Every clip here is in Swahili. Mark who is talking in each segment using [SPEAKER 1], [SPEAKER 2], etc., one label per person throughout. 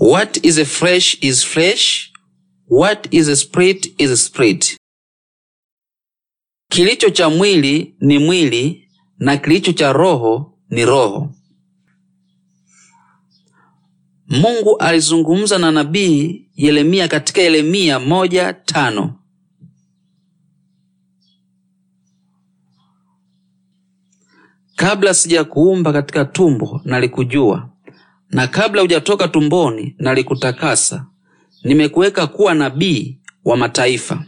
[SPEAKER 1] What is a fresh is fresh what is a spirit is spirit. Kilicho cha mwili ni mwili na kilicho cha roho ni roho. Mungu alizungumza na nabii Yeremia katika Yeremia moja tano. Kabla sijakuumba katika tumbo nalikujua na kabla hujatoka tumboni nalikutakasa, nimekuweka kuwa nabii wa mataifa.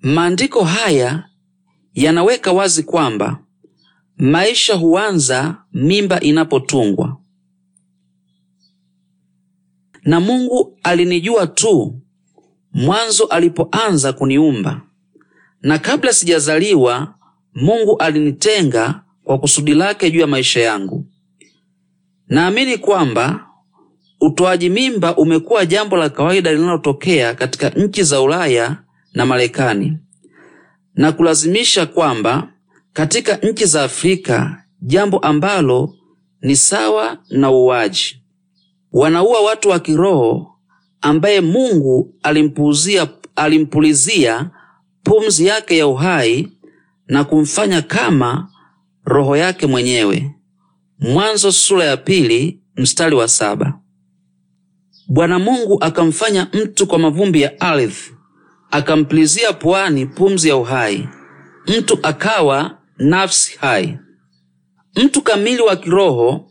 [SPEAKER 1] Maandiko haya yanaweka wazi kwamba maisha huanza mimba inapotungwa, na Mungu alinijua tu mwanzo alipoanza kuniumba, na kabla sijazaliwa Mungu alinitenga kwa kusudi lake juu ya maisha yangu. Naamini kwamba utoaji mimba umekuwa jambo la kawaida linalotokea katika nchi za Ulaya na Marekani na kulazimisha kwamba katika nchi za Afrika, jambo ambalo ni sawa na uwaji, wanaua watu wa kiroho ambaye Mungu alimpuuzia, alimpulizia pumzi yake ya uhai na kumfanya kama roho yake mwenyewe. Mwanzo sura ya pili mstari wa saba. Bwana Mungu akamfanya mtu kwa mavumbi ya ardhi, akampulizia puani pumzi ya uhai, mtu akawa nafsi hai, mtu kamili wa kiroho.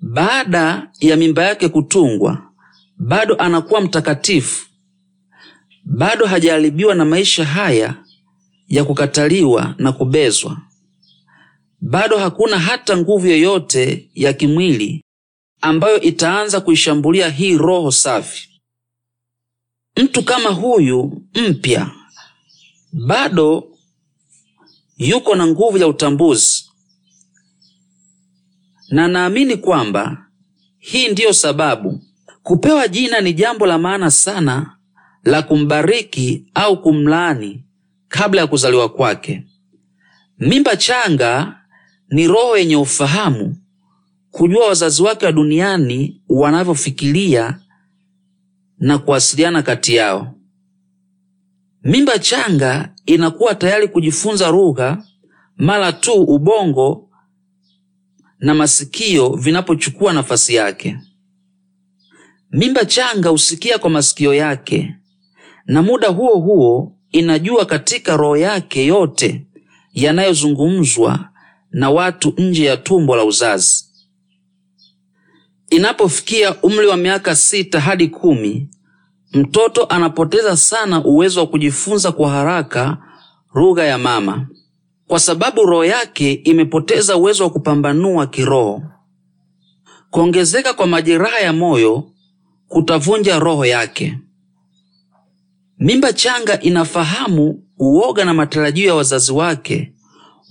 [SPEAKER 1] Baada ya mimba yake kutungwa, bado anakuwa mtakatifu, bado hajaharibiwa na maisha haya ya kukataliwa na kubezwa bado hakuna hata nguvu yoyote ya kimwili ambayo itaanza kuishambulia hii roho safi. Mtu kama huyu mpya bado yuko na nguvu ya utambuzi, na naamini kwamba hii ndiyo sababu kupewa jina ni jambo la maana sana la kumbariki au kumlaani kabla ya kuzaliwa kwake. Mimba changa ni roho yenye ufahamu kujua wazazi wake wa duniani wanavyofikiria na kuwasiliana kati yao. Mimba changa inakuwa tayari kujifunza lugha mara tu ubongo na masikio vinapochukua nafasi yake. Mimba changa husikia kwa masikio yake, na muda huo huo inajua katika roho yake yote yanayozungumzwa na watu nje ya tumbo la uzazi. Inapofikia umri wa miaka sita hadi kumi, mtoto anapoteza sana uwezo wa kujifunza kwa haraka lugha ya mama, kwa sababu roho yake imepoteza uwezo wa kupambanua kiroho. Kuongezeka kwa majeraha ya moyo kutavunja roho yake. Mimba changa inafahamu uoga na matarajio ya wazazi wake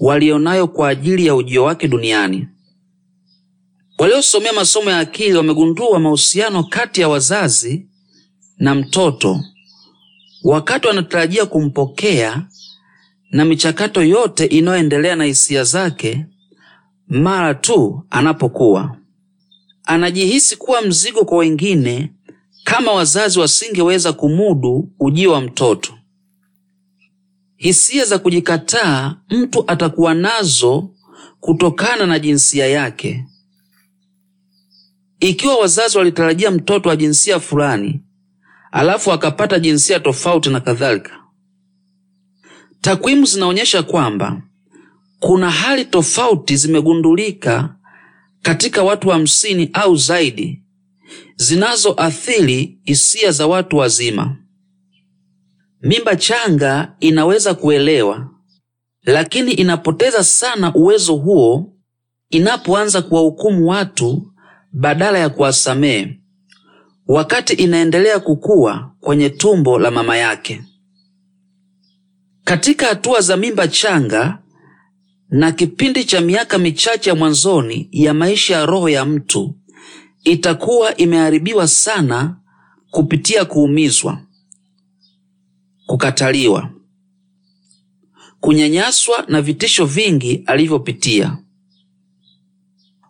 [SPEAKER 1] walionayo kwa ajili ya ujio wake duniani. Waliosomea masomo ya akili wamegundua mahusiano kati ya wazazi na mtoto wakati wanatarajia kumpokea na michakato yote inayoendelea na hisia zake mara tu anapokuwa anajihisi kuwa mzigo kwa wengine, kama wazazi wasingeweza kumudu ujio wa mtoto. Hisia za kujikataa mtu atakuwa nazo kutokana na jinsia yake. Ikiwa wazazi walitarajia mtoto wa jinsia fulani alafu akapata jinsia tofauti na kadhalika. Takwimu zinaonyesha kwamba kuna hali tofauti zimegundulika katika watu hamsini au zaidi zinazoathiri hisia za watu wazima. Mimba changa inaweza kuelewa, lakini inapoteza sana uwezo huo inapoanza kuwahukumu watu badala ya kuwasamehe wakati inaendelea kukua kwenye tumbo la mama yake. Katika hatua za mimba changa na kipindi cha miaka michache ya mwanzoni ya maisha ya roho ya mtu itakuwa imeharibiwa sana kupitia kuumizwa kukataliwa, kunyanyaswa na vitisho vingi alivyopitia.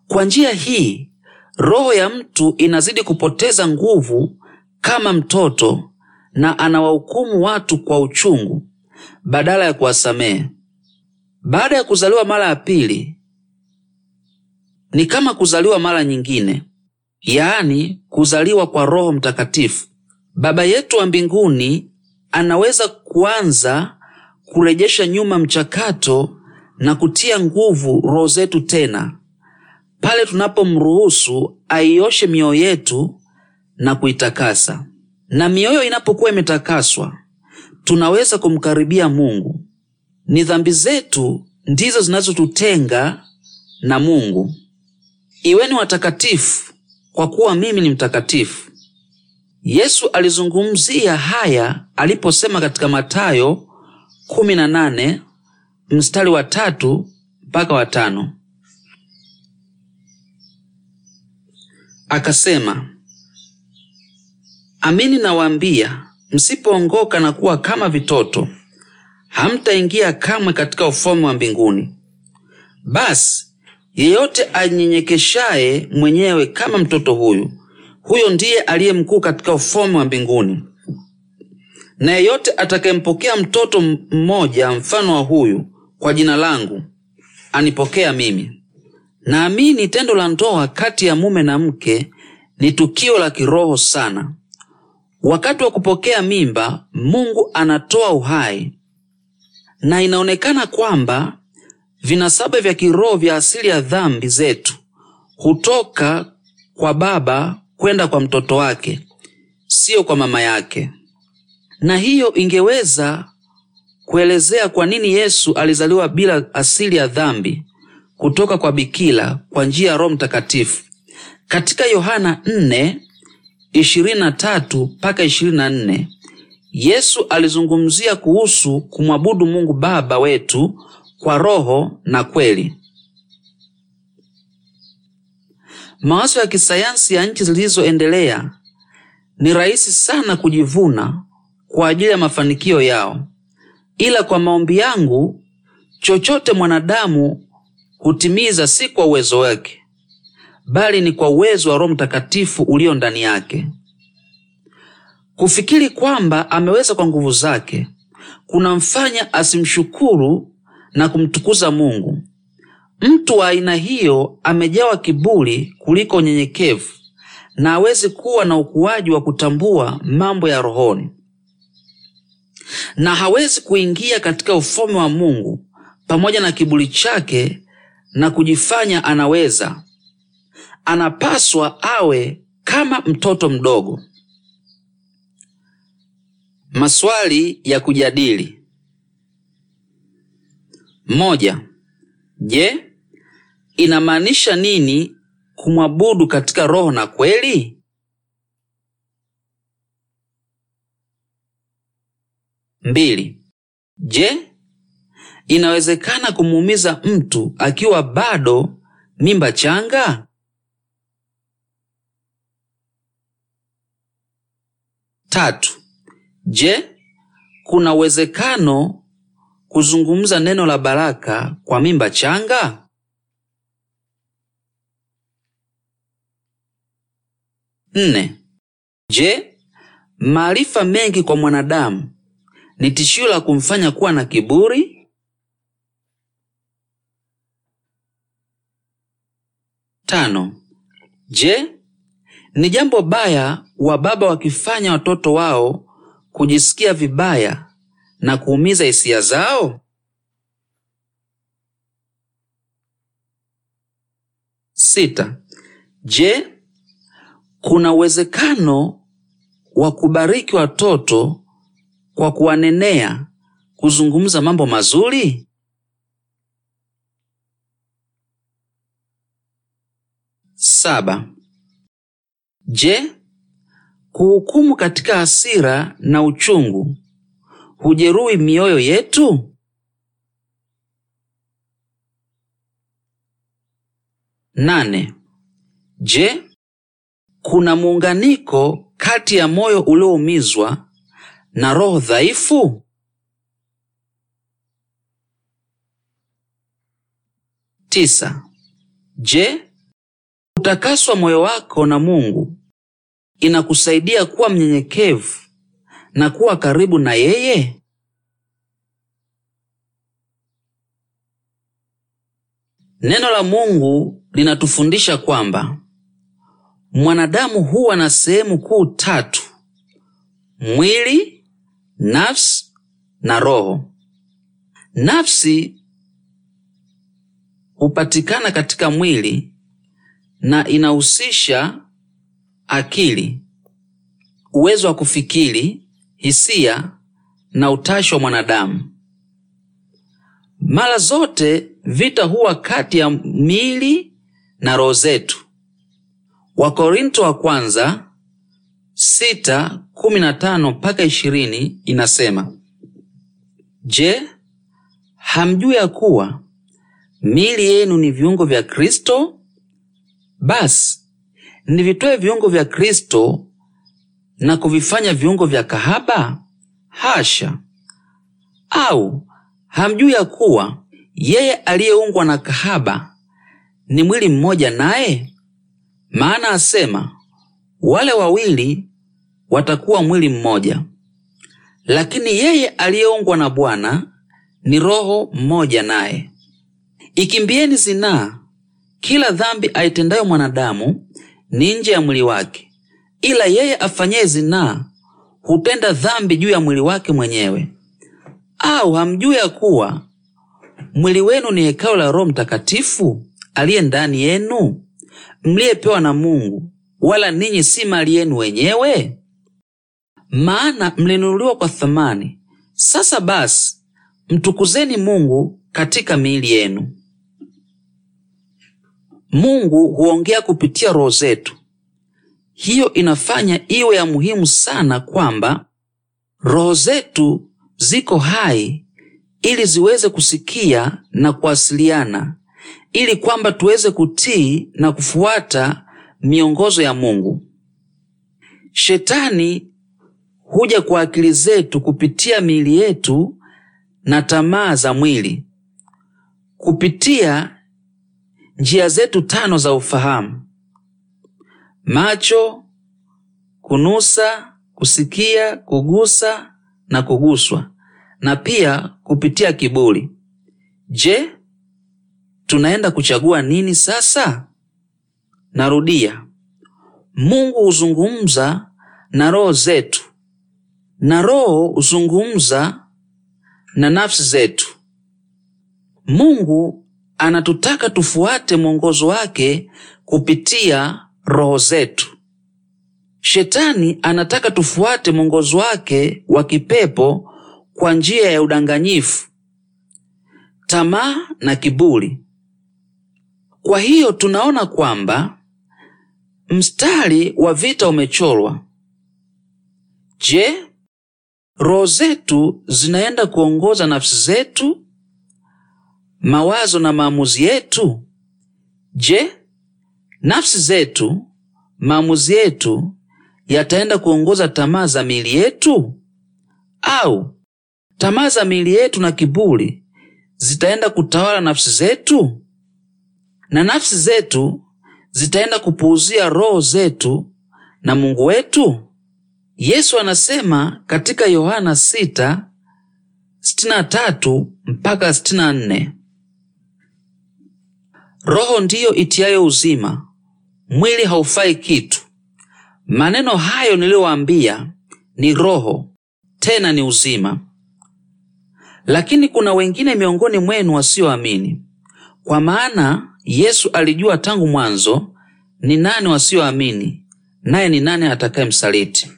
[SPEAKER 1] Kwa njia hii roho ya mtu inazidi kupoteza nguvu kama mtoto, na anawahukumu watu kwa uchungu badala ya kuwasamehe. Baada ya kuzaliwa mara ya pili ni kama kuzaliwa mara nyingine, yaani kuzaliwa kwa Roho Mtakatifu. Baba yetu wa mbinguni anaweza kuanza kurejesha nyuma mchakato na kutia nguvu roho zetu tena pale tunapomruhusu aioshe mioyo yetu na kuitakasa. Na mioyo inapokuwa imetakaswa, tunaweza kumkaribia Mungu. Ni dhambi zetu ndizo zinazotutenga na Mungu. Iweni watakatifu kwa kuwa mimi ni mtakatifu. Yesu alizungumzia haya aliposema katika Mathayo 18 mstari wa tatu mpaka wa tano akasema, amini nawaambia, msipoongoka na kuwa kama vitoto, hamtaingia kamwe katika ufalme wa mbinguni. Basi yeyote anyenyekeshaye mwenyewe kama mtoto huyu huyo ndiye aliye mkuu katika ufalme wa mbinguni. Na yeyote atakayempokea mtoto mmoja mfano wa huyu kwa jina langu anipokea mimi. Naamini tendo la ndoa kati ya mume na mke ni tukio la kiroho sana. Wakati wa kupokea mimba, Mungu anatoa uhai, na inaonekana kwamba vinasaba vya kiroho vya asili ya dhambi zetu hutoka kwa Baba kwenda kwa mtoto wake, siyo kwa mama yake. Na hiyo ingeweza kuelezea kwa nini Yesu alizaliwa bila asili ya dhambi kutoka kwa bikira kwa njia ya Roho Mtakatifu. Katika Yohana 4:23 mpaka 24, Yesu alizungumzia kuhusu kumwabudu Mungu Baba wetu kwa roho na kweli. Mawazo ya kisayansi ya nchi zilizoendelea ni rahisi sana kujivuna kwa ajili ya mafanikio yao, ila kwa maombi yangu, chochote mwanadamu hutimiza si kwa uwezo wake, bali ni kwa uwezo wa Roho Mtakatifu ulio ndani yake. Kufikiri kwamba ameweza kwa nguvu zake kunamfanya asimshukuru na kumtukuza Mungu, Mtu wa aina hiyo amejawa kiburi kuliko unyenyekevu na hawezi kuwa na ukuaji wa kutambua mambo ya rohoni, na hawezi kuingia katika ufalme wa Mungu pamoja na kiburi chake na kujifanya anaweza. Anapaswa awe kama mtoto mdogo. Maswali ya kujadili: moja. Je, inamaanisha nini kumwabudu katika roho na kweli? Mbili. Je, inawezekana kumuumiza mtu akiwa bado mimba changa? Tatu. Je, kuna uwezekano kuzungumza neno la baraka kwa mimba changa? Nne. Je, maarifa mengi kwa mwanadamu ni tishio la kumfanya kuwa na kiburi? Tano. Je, ni jambo baya wa baba wakifanya watoto wao kujisikia vibaya na kuumiza hisia zao? Sita. Je, kuna uwezekano wa kubariki watoto kwa kuwanenea, kuzungumza mambo mazuri? Saba. Je, kuhukumu katika hasira na uchungu hujeruhi mioyo yetu? Nane. Je, kuna muunganiko kati ya moyo ulioumizwa na roho dhaifu? Tisa. Je, kutakaswa moyo wako na Mungu inakusaidia kuwa mnyenyekevu na kuwa karibu na yeye? Neno la Mungu linatufundisha kwamba mwanadamu huwa na sehemu kuu tatu: mwili, nafsi na roho. Nafsi hupatikana katika mwili na inahusisha akili, uwezo wa kufikiri, hisia na utashi wa mwanadamu. Mara zote vita huwa kati ya miili na roho zetu. Wakorinto wa kwanza sita kumi na tano mpaka ishirini inasema, Je, hamjui ya kuwa mili yenu ni viungo vya Kristo? Basi nivitoe viungo vya Kristo na kuvifanya viungo vya kahaba? Hasha! Au hamjui ya kuwa yeye aliyeungwa na kahaba ni mwili mmoja naye? Maana asema wale wawili watakuwa mwili mmoja, lakini yeye aliyeungwa na Bwana ni roho mmoja naye. Ikimbieni zinaa. Kila dhambi aitendayo mwanadamu ni nje ya mwili wake, ila yeye afanyaye zinaa hutenda dhambi juu ya mwili wake mwenyewe. Au hamjui ya kuwa mwili wenu ni hekalu la Roho Mtakatifu aliye ndani yenu, mliyepewa na Mungu, wala ninyi si mali yenu wenyewe, maana mlinunuliwa kwa thamani. Sasa basi mtukuzeni Mungu katika miili yenu. Mungu huongea kupitia roho zetu. Hiyo inafanya iwe ya muhimu sana kwamba roho zetu ziko hai ili ziweze kusikia na kuwasiliana ili kwamba tuweze kutii na kufuata miongozo ya Mungu. Shetani huja kwa akili zetu kupitia miili yetu na tamaa za mwili, kupitia njia zetu tano za ufahamu: macho, kunusa, kusikia, kugusa na kuguswa, na pia kupitia kiburi. Je, tunaenda kuchagua nini sasa? Narudia, Mungu huzungumza na roho zetu na roho huzungumza na nafsi zetu. Mungu anatutaka tufuate mwongozo wake kupitia roho zetu. Shetani anataka tufuate mwongozo wake wa kipepo kwa njia ya udanganyifu, tamaa na kiburi. Kwa hiyo tunaona kwamba mstari wa vita umechorwa. Je, roho zetu zinaenda kuongoza nafsi zetu, mawazo na maamuzi yetu? Je, nafsi zetu, maamuzi yetu yataenda kuongoza tamaa za miili yetu, au tamaa za miili yetu na kiburi zitaenda kutawala nafsi zetu? na nafsi zetu zitaenda kupuuzia roho zetu na Mungu wetu? Yesu anasema katika Yohana 6:63 mpaka 64, roho ndiyo itiyayo uzima, mwili haufai kitu. Maneno hayo niliyowaambia ni roho tena ni uzima. Lakini kuna wengine miongoni mwenu wasioamini, kwa maana Yesu alijua tangu mwanzo ni nani wasioamini naye ni nani msaliti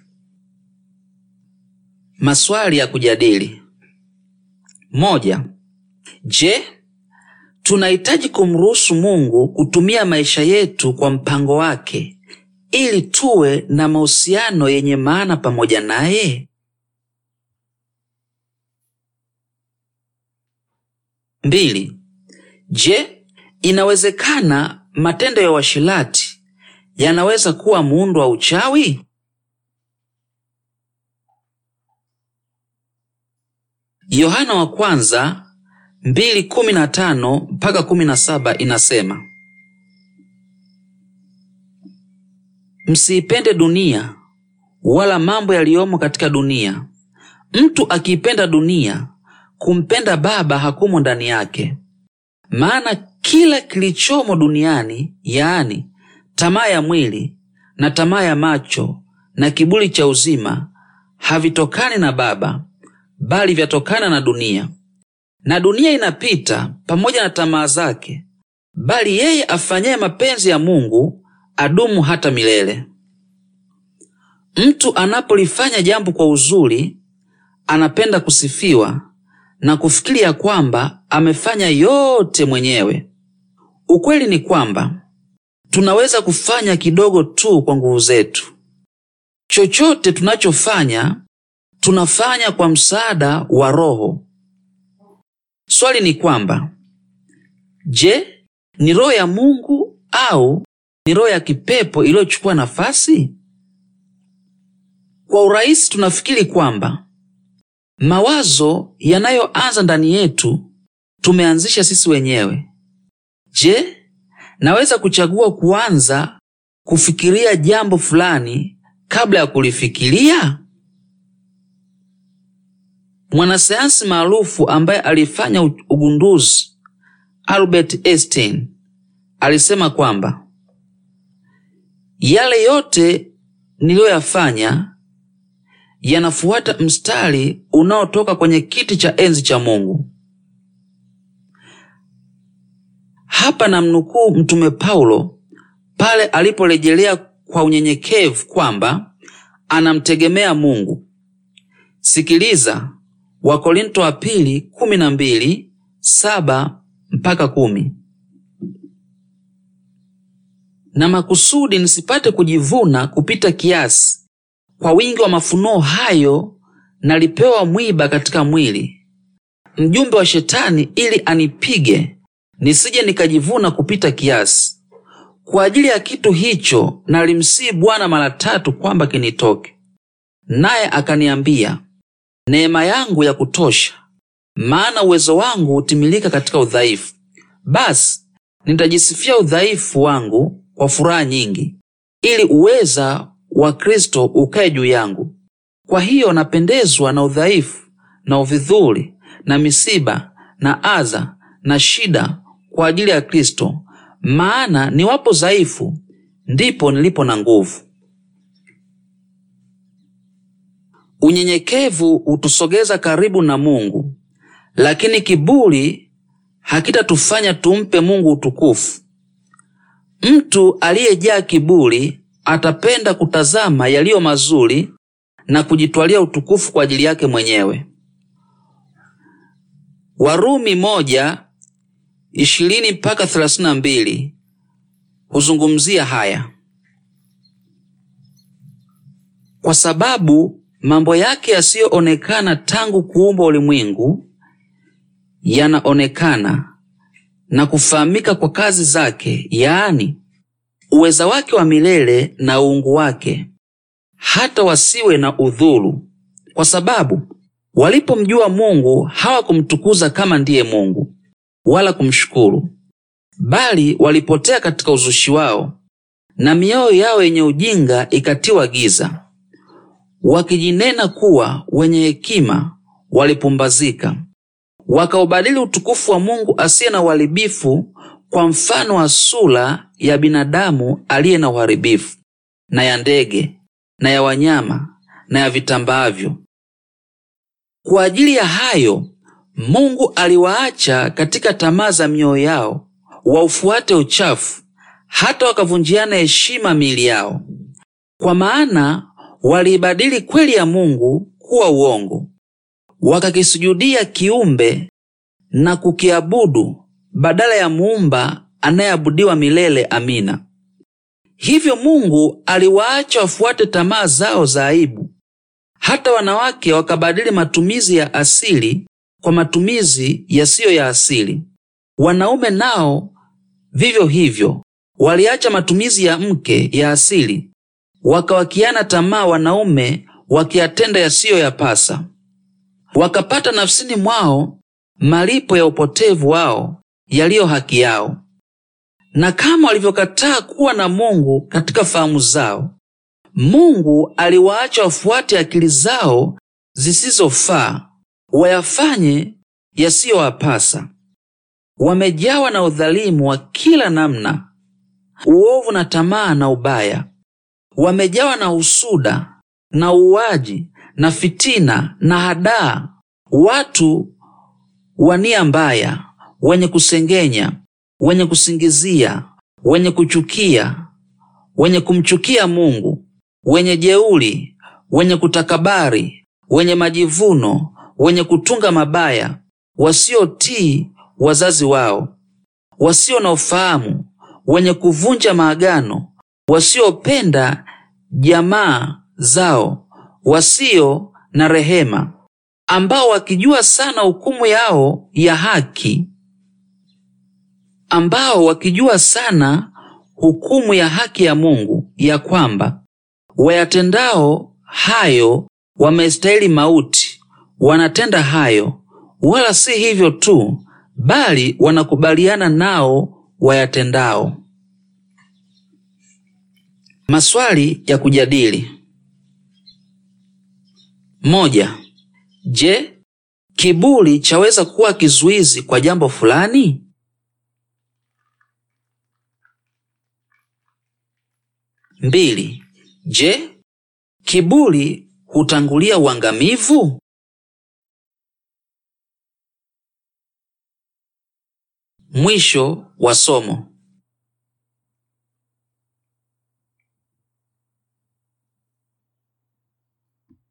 [SPEAKER 1] Maswali ya kujadili: moja. Je, tunahitaji kumruhusu Mungu kutumia maisha yetu kwa mpango wake ili tuwe na mahusiano yenye maana pamoja naye? Mbili. Je, Inawezekana matendo ya washilati yanaweza kuwa muundo wa uchawi? Yohana wa kwanza 2:15 mpaka 17 inasema, msiipende dunia wala mambo yaliyomo katika dunia. Mtu akiipenda dunia, kumpenda Baba hakumo ndani yake. Maana kila kilichomo duniani, yaani tamaa ya mwili na tamaa ya macho na kibuli cha uzima, havitokani na Baba, bali vyatokana na dunia. Na dunia inapita pamoja na tamaa zake, bali yeye afanyaye mapenzi ya Mungu adumu hata milele. Mtu anapolifanya jambo kwa uzuri, anapenda kusifiwa na kufikiri ya kwamba amefanya yote mwenyewe. Ukweli ni kwamba tunaweza kufanya kidogo tu kwa nguvu zetu. Chochote tunachofanya tunafanya kwa msaada wa Roho. Swali ni kwamba je, ni Roho ya Mungu au ni roho ya kipepo iliyochukua nafasi? Kwa urahisi tunafikiri kwamba mawazo yanayoanza ndani yetu tumeanzisha sisi wenyewe. Je, naweza kuchagua kuanza kufikiria jambo fulani kabla ya kulifikiria? Mwanasayansi maarufu ambaye alifanya ugunduzi Albert Einstein alisema kwamba yale yote niliyoyafanya yanafuata mstari unaotoka kwenye kiti cha enzi cha Mungu. Hapa namnukuu Mtume Paulo pale aliporejelea kwa unyenyekevu kwamba anamtegemea Mungu. Sikiliza Wakorinto wa pili kumi na mbili saba mpaka kumi. Na makusudi nisipate kujivuna kupita kiasi, kwa wingi wa mafunuo hayo nalipewa mwiba katika mwili, mjumbe wa Shetani ili anipige nisije nikajivuna kupita kiasi. Kwa ajili ya kitu hicho nalimsii Bwana mara tatu kwamba kinitoke, naye akaniambia, neema yangu ya kutosha, maana uwezo wangu hutimilika katika udhaifu. Basi nitajisifia udhaifu wangu kwa furaha nyingi, ili uweza wa Kristo ukae juu yangu. Kwa hiyo napendezwa na udhaifu na uvidhuli na misiba na adha na shida kwa ajili ya Kristo, maana niwapo dhaifu ndipo nilipo na nguvu. Unyenyekevu hutusogeza karibu na Mungu, lakini kiburi hakitatufanya tumpe Mungu utukufu. Mtu aliyejaa kiburi atapenda kutazama yaliyo mazuri na kujitwalia utukufu kwa ajili yake mwenyewe. Warumi moja ishirini mpaka thelathini na mbili huzungumzia haya, kwa sababu mambo yake yasiyoonekana tangu kuumbwa ulimwengu yanaonekana na kufahamika kwa kazi zake, yaani uweza wake wa milele na uungu wake, hata wasiwe na udhuru, kwa sababu walipomjua Mungu hawakumtukuza kama ndiye Mungu wala kumshukuru, bali walipotea katika uzushi wao, na mioyo yao yenye ujinga ikatiwa giza. Wakijinena kuwa wenye hekima, walipumbazika, wakaubadili utukufu wa Mungu asiye na uharibifu kwa mfano wa sura ya binadamu aliye na uharibifu na ya ndege na ya wanyama na ya vitambaavyo. Kwa ajili ya hayo Mungu aliwaacha katika tamaa za mioyo yao waufuate uchafu, hata wakavunjiana heshima miili yao, kwa maana waliibadili kweli ya Mungu kuwa uongo, wakakisujudia kiumbe na kukiabudu badala ya muumba anayeabudiwa milele. Amina. Hivyo Mungu aliwaacha wafuate tamaa zao za aibu, hata wanawake wakabadili matumizi ya asili kwa matumizi yasiyo ya asili. Wanaume nao vivyo hivyo waliacha matumizi ya mke ya asili, wakawakiana tamaa wanaume wakiyatenda yasiyo yapasa, wakapata nafsini mwao malipo ya upotevu wao yaliyo haki yao. Na kama walivyokataa kuwa na Mungu katika fahamu zao, Mungu aliwaacha wafuate akili zao zisizofaa wayafanye yasiyowapasa. Wamejawa na udhalimu wa kila namna, uovu na tamaa na ubaya. Wamejawa na usuda na uuaji na fitina na hadaa, watu wa nia mbaya, wenye kusengenya, wenye kusingizia, wenye kuchukia, wenye kumchukia Mungu, wenye jeuri, wenye kutakabari, wenye majivuno, wenye kutunga mabaya, wasiotii wazazi wao, wasio na ufahamu, wenye kuvunja maagano, wasiopenda jamaa zao, wasio na rehema, ambao wakijua sana hukumu yao ya haki, ambao wakijua sana hukumu ya haki ya Mungu, ya kwamba wayatendao hayo wamestahili mauti, wanatenda hayo, wala si hivyo tu, bali wanakubaliana nao wayatendao. Maswali ya kujadili: moja. Je, kiburi chaweza kuwa kizuizi kwa jambo fulani? mbili. Je, kiburi hutangulia uangamivu? Mwisho wa somo.